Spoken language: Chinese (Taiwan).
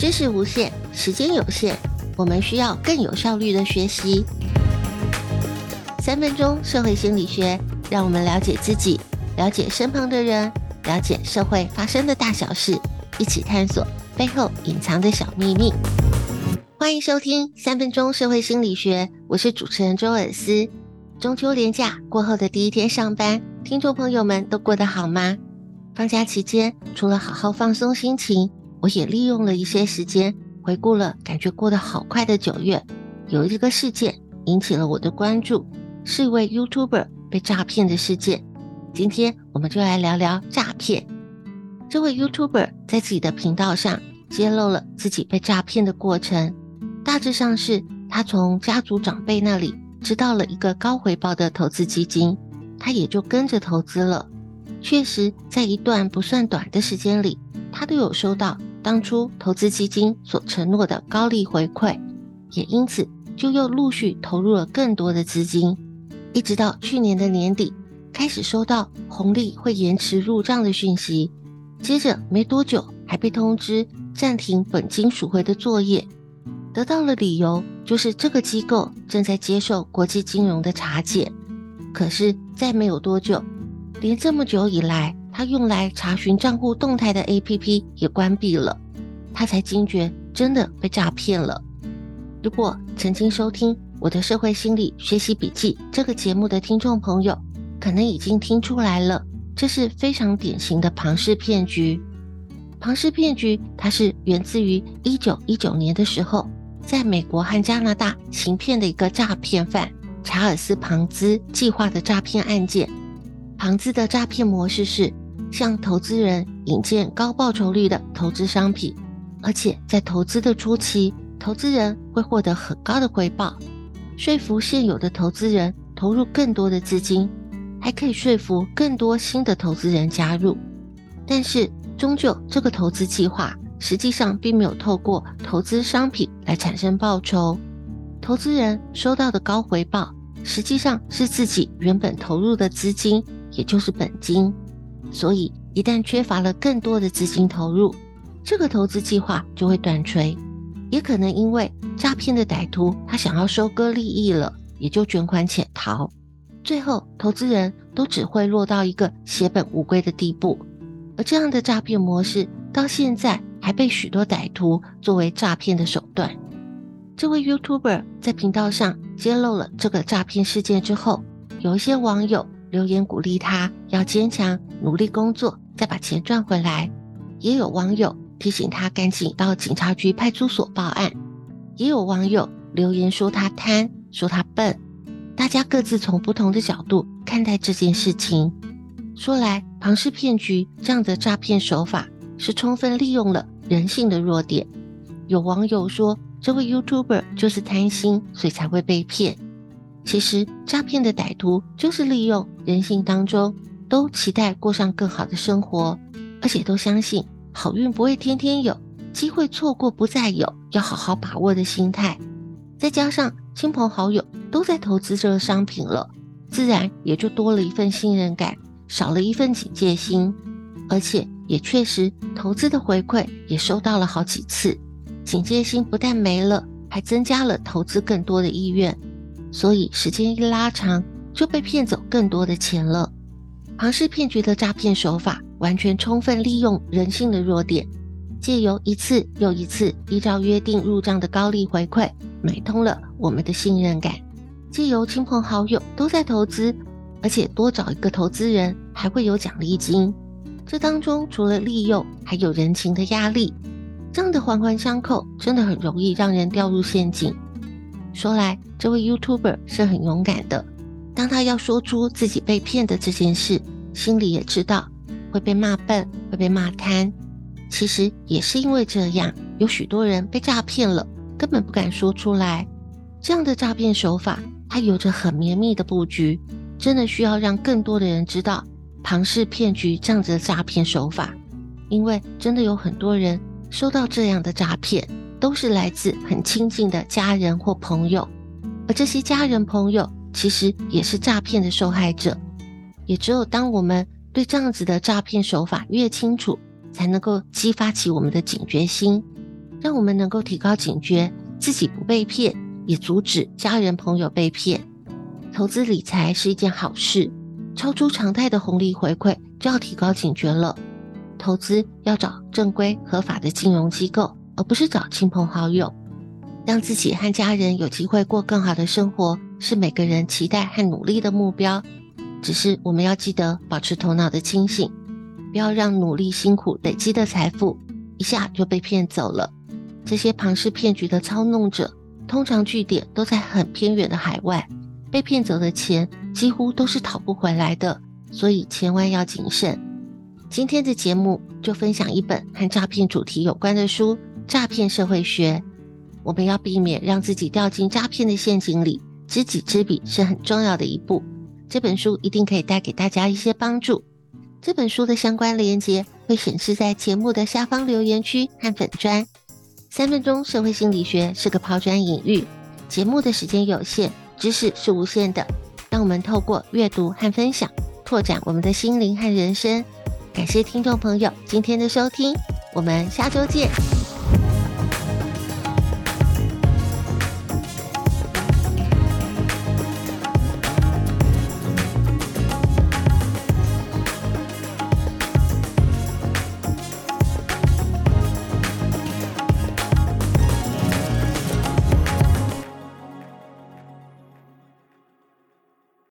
知識無限，時間有限，我們需要更有效率的學習。三分鐘社會心理學，讓我們了解自己，了解身旁的人，了解社會發生的大小事，一起探索背後隱藏的小秘密。歡迎收聽三分鐘社會心理學，我是主持人周爾思。中秋連假過後的第一天上班，聽眾朋友們都過得好嗎？放假期間，除了好好放鬆心情，我也利用了一些時間回顧了感覺過得好快的九月。有一個事件引起了我的關注，是一位 YouTuber 被詐騙的事件。今天我們就來聊聊詐騙。這位 YouTuber 在自己的頻道上揭露了自己被詐騙的過程，大致上是他從家族長輩那裡知道了一個高回報的投資基金，他也就跟着投資了。確實，在一段不算短的時間裡，他都有收到。當初投資基金所承諾的高利回饋，也因此就又陸續投入了更多的資金，一直到去年的年底，開始收到紅利會延遲入賬的訊息，接着沒多久還被通知暫停本金贖回的作業，得到了理由就是這個機構正在接受國際金融的查檢，可是再沒有多久，連這麼久以來。他用來查詢賬戶動態的 APP 也關閉了，他才驚覺真的被詐騙了。如果曾經收聽我的社會心理學習筆記這個節目的聽眾朋友，可能已經聽出來了，這是非常典型的龐氏騙局。龐氏騙局它是源自於一九一九年的時候，在美國和加拿大行騙的一個詐騙犯查爾斯·龐茲計劃的詐騙案件。龐茲的詐騙模式是。向投資人引薦高報酬率的投資商品，而且在投資的初期，投資人會獲得很高的回報。說服現有的投資人投入更多的資金，還可以說服更多新的投資人加入。但是，終究這個投資計劃實際上並沒有透過投資商品來產生報酬。投資人收到的高回報實際上是自己原本投入的資金，也就是本金。所以，一旦缺乏了更多的資金投入，這個投資計劃就會斷炊，也可能因為詐騙的歹徒他想要收割利益了，也就捲款潛逃，最後投資人都只會落到一個血本無歸的地步。而這樣的詐騙模式到現在還被許多歹徒作為詐騙的手段。這位 YouTuber 在頻道上揭露了這個詐騙事件之後，有一些網友。留言鼓勵他要堅強，努力工作，再把錢賺回來。也有網友提醒他趕緊到警察局派出所報案。也有網友留言說他貪，說他笨。大家各自從不同的角度看待這件事情。說來，龐氏騙局這樣的詐騙手法是充分利用了人性的弱點。有網友說，這位 YouTuber 就是貪心，所以才會被騙。其實，詐騙的歹徒就是利用人性當中都期待過上更好的生活，而且都相信好運不會天天有，機會錯過不再有，要好好把握的心態。再加上親朋好友都在投資這個商品了，自然也就多了一份信任感，少了一份警戒心，而且也確實投資的回饋也收到了好幾次，警戒心不但沒了，還增加了投資更多的意願。所以時間一拉長，就被騙走更多的錢了。龐氏騙局的詐騙手法完全充分利用人性的弱點，借由一次又一次依照約定入賬的高利回饋，買通了我們的信任感。借由親朋好友都在投資，而且多找一個投資人還會有獎勵金。這當中除了利誘，還有人情的壓力。這樣的環環相扣，真的很容易讓人掉入陷阱。說來，這位 YouTuber 是很勇敢的。當他要說出自己被騙的這件事，心裡也知道會被罵笨，會被罵貪。其實也是因為這樣，有許多人被詐騙了，根本不敢說出來。這樣的詐騙手法，它有着很綿密的佈局，真的需要讓更多的人知道龐氏騙局這樣子的詐騙手法，因為真的有很多人收到這樣的詐騙，都是來自很親近的家人或朋友，而這些家人朋友其實也是詐騙的受害者。也只有當我們對這樣子的詐騙手法越清楚，才能夠激發起我們的警覺心，讓我們能夠提高警覺，自己不被騙，也阻止家人朋友被騙。投資理財是一件好事，超出常態的紅利回饋就要提高警覺了。投資要找正規合法的金融機構。而不是找親朋好友。讓自己和家人有機會過更好的生活，是每個人期待和努力的目標。只是我們要記得保持頭腦的清醒，不要讓努力辛苦累積的財富一下就被騙走了。這些龐氏騙局的操弄者，通常據點都在很偏遠的海外，被騙走的錢幾乎都是討不回來的，所以千萬要謹慎。今天的節目就分享一本和詐騙主題有關的書。詐騙社會學，我們要避免讓自己掉進詐騙的陷阱裡。知己知彼是很重要的一步。這本書一定可以帶給大家一些幫助。這本書的相關連結會顯示在節目的下方留言區和粉專。三分鐘社會心理學是個拋磚引玉，節目的時間有限，知識是無限的。讓我們透過閱讀和分享，拓展我們的心靈和人生。感謝聽眾朋友今天的收聽，我們下周見。